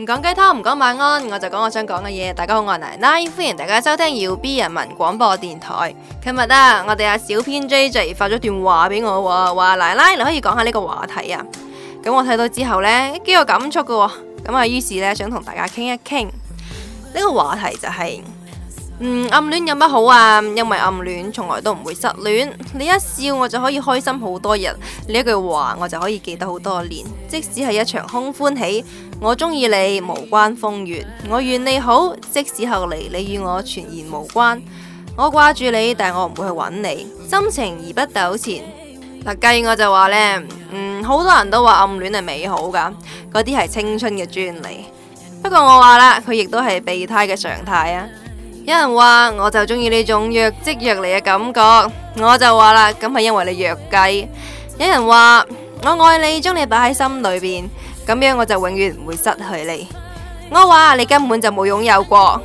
唔講雞湯，唔講晚安，我就講我想講嘅嘢。大家好，我係奶奶，歡迎大家收聽姚 B 人民廣播電台。琴日啊，我哋阿小編 J J 發咗段話俾我，話話奶奶，你可以講下呢個話題啊。咁我睇到之後呢，幾有感觸噶。咁啊，於是呢，想同大家傾一傾，呢、這個話題就係、是。嗯，暗戀有乜好啊？因為暗戀從來都唔會失戀，你一笑我就可以開心好多日。你一句話我就可以記得好多年。即使係一場空歡喜，我中意你無關風月，我願你好，即使後嚟你與我全然無關，我掛住你，但係我唔會去揾你，深情而不糾纏。嗱、啊，計我就話呢，嗯，好多人都話暗戀係美好噶，嗰啲係青春嘅專利。不過我話啦，佢亦都係備胎嘅常態啊。有人話我就中意呢種若即若離嘅感覺，我就話啦，咁係因為你弱雞。有人話我愛你，將你擺喺心裏邊，咁樣我就永遠唔會失去你。我話你根本就冇擁有過。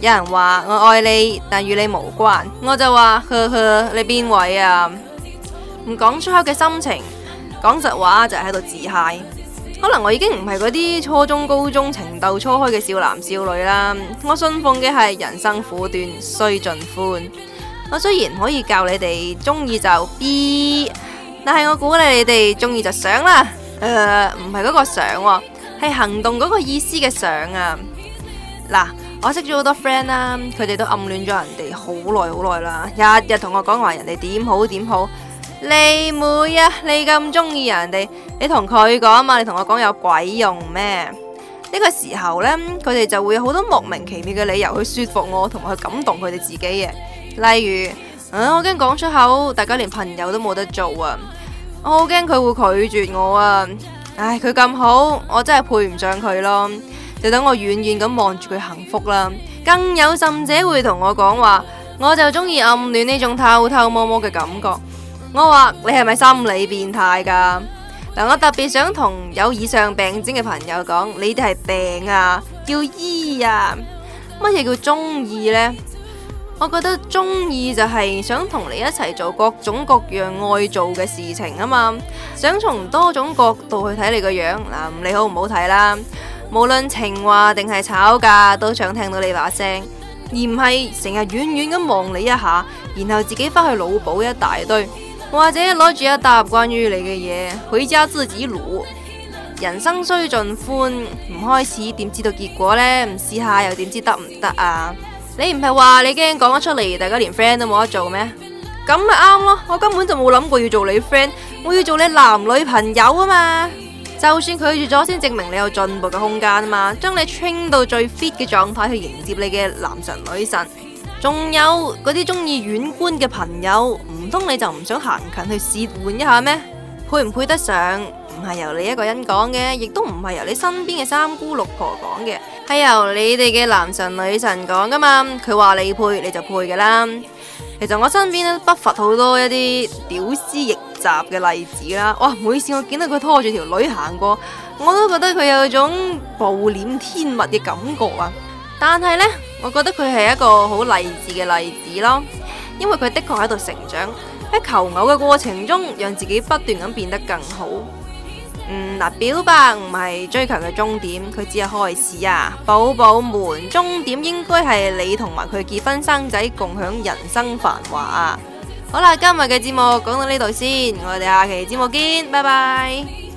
有人話我愛你，但與你無關，我就話呵呵，你邊位啊？唔講出口嘅深情，講實話就係喺度自嗨。可能我已經唔係嗰啲初中、高中情竇初開嘅少男少女啦，我信奉嘅係人生苦短，須盡歡。我雖然可以教你哋中意就 B，但係我鼓勵你哋中意就上啦。誒，唔係嗰個上，啊，係行動嗰個意思嘅上啊。嗱，我識咗好多 friend 啦，佢哋都暗戀咗人哋好耐好耐啦，日日同我講話人哋點好點好。你妹啊！你咁中意人哋，你同佢講嘛？你同我講有鬼用咩？呢個時候呢，佢哋就會有好多莫名其妙嘅理由去說服我，同埋去感動佢哋自己嘅。例如啊，嗯，我驚講出口，大家連朋友都冇得做啊！我好驚佢會拒絕我啊！唉，佢咁好，我真係配唔上佢咯，就等我遠遠咁望住佢幸福啦。更有甚者會同我講話，我就中意暗戀呢種偷偷摸摸嘅感覺。我話你係咪心理變態噶嗱？我特別想同有以上病徵嘅朋友講，你哋係病啊，要醫啊。乜嘢叫中意呢？我覺得中意就係想同你一齊做各種各樣愛做嘅事情啊嘛。想從多種角度去睇你個樣嗱，你好唔好睇啦？無論情話定係吵架，都想聽到你把聲，而唔係成日遠遠咁望你一下，然後自己返去腦補一大堆。或者攞住一沓關於你嘅嘢，回家自己擼。人生須盡歡，唔開始點知道結果呢？唔試下又點知得唔得啊？你唔係話你驚講得出嚟，大家連 friend 都冇得做咩？咁咪啱咯！我根本就冇諗過要做你 friend，我要做你男女朋友啊嘛！就算拒絕咗，先證明你有進步嘅空間啊嘛！將你 train 到最 fit 嘅狀態去迎接你嘅男神女神。仲有嗰啲中意遠觀嘅朋友，唔通你就唔想行近去試玩一下咩？配唔配得上，唔係由你一個人講嘅，亦都唔係由你身邊嘅三姑六婆講嘅，係由你哋嘅男神女神講噶嘛？佢話你配，你就配噶啦。其實我身邊呢不乏好多一啲屌絲逆襲嘅例子啦。哇，每次我見到佢拖住條女行過，我都覺得佢有種暴殄天物嘅感覺啊！但係呢。我覺得佢係一個好勵志嘅例子咯，因為佢的確喺度成長，喺求偶嘅過程中，讓自己不斷咁變得更好。嗯，嗱，表白唔係追求嘅終點，佢只係開始啊！寶寶們，終點應該係你同埋佢結婚生仔，共享人生繁華啊！好啦，今日嘅節目講到呢度先，我哋下期節目見，拜拜。